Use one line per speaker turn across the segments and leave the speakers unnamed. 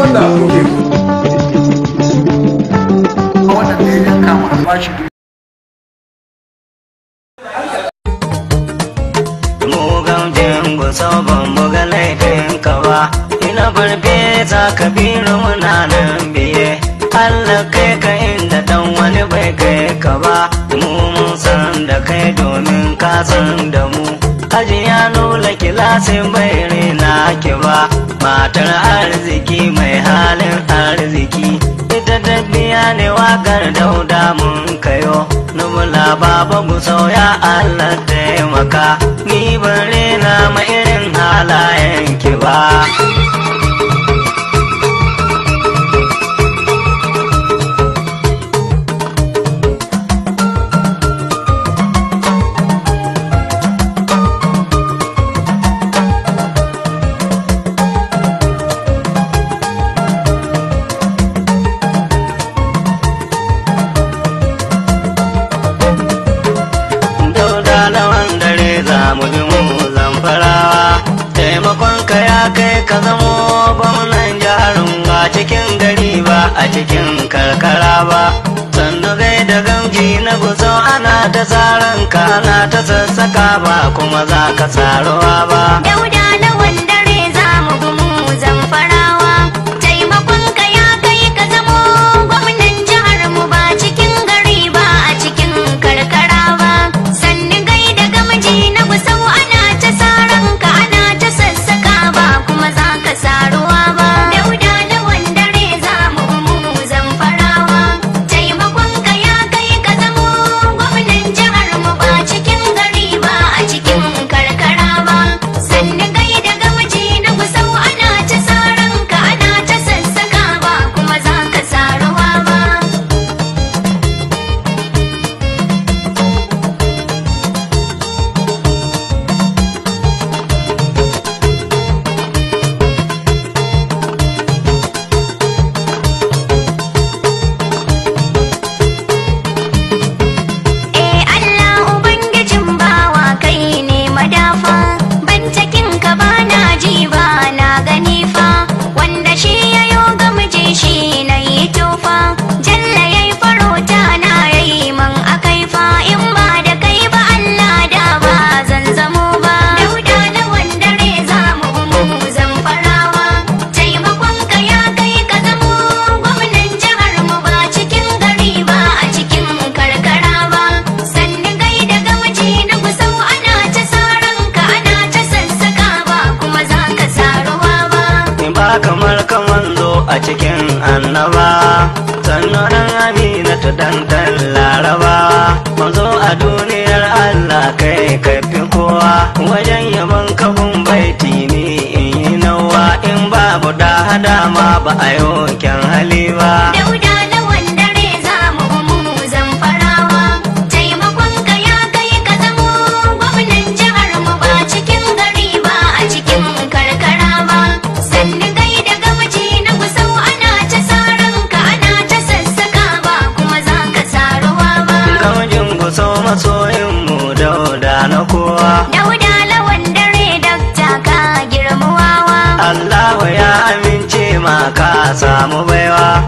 banda kuke mu
Mugan ban buga laifinka ba, ina barbe za ka biro nan biye. Allah kai ka inda dan wani bai kai ka ba, mu mun san da kai domin ka san da mu. aji ya nuna kilasin bai rena ki ba matar arziki mai halin arziki ita dabbiya ne wakar dauda mun kayo numula baba mu sauya allah taimaka ni ban rena ma irin halayen ki ba mu bi mu zamfarawa taimakon ya kai ka zamo gwamnan jaharin ba cikin gari ba a cikin karkara ba sannu gai da gamji na guzo ana ta tsaranka, ka ana ta sassaka ba kuma za ka
tsarowa ba dauda na wanda
ka manzo a cikin annaba sannan amina ta dandan laraba manzo a duniyar allah kai fi kowa wajen yaban kafin baiti ne in yi nawa in babu da hada ma ba a yi hali ba na kowa
dauda lawan dare dakta ka girmuwawa Allahu ya amince maka ka samu baiwa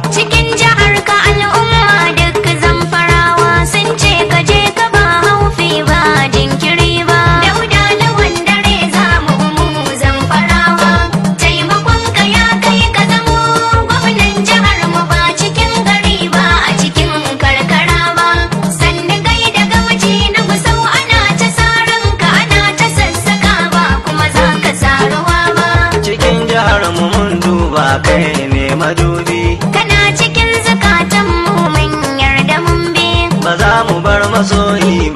zo yi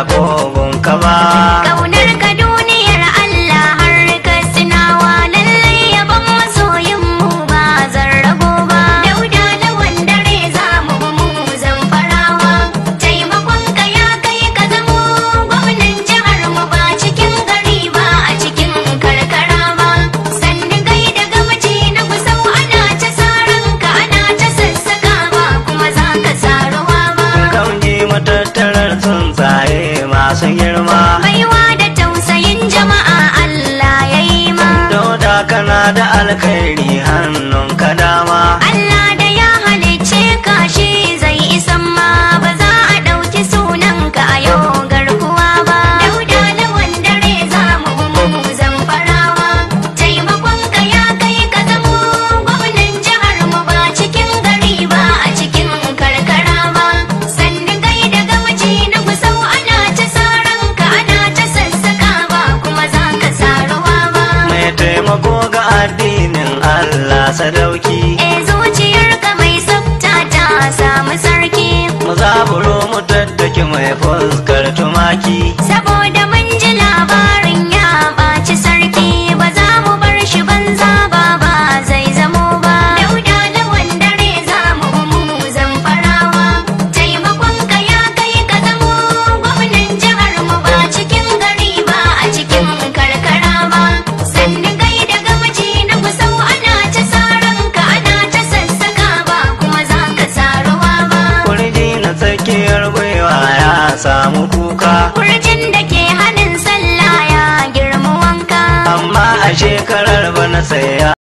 agora. kana da
alkhairi ka dama Allah
き shekarar
bana saya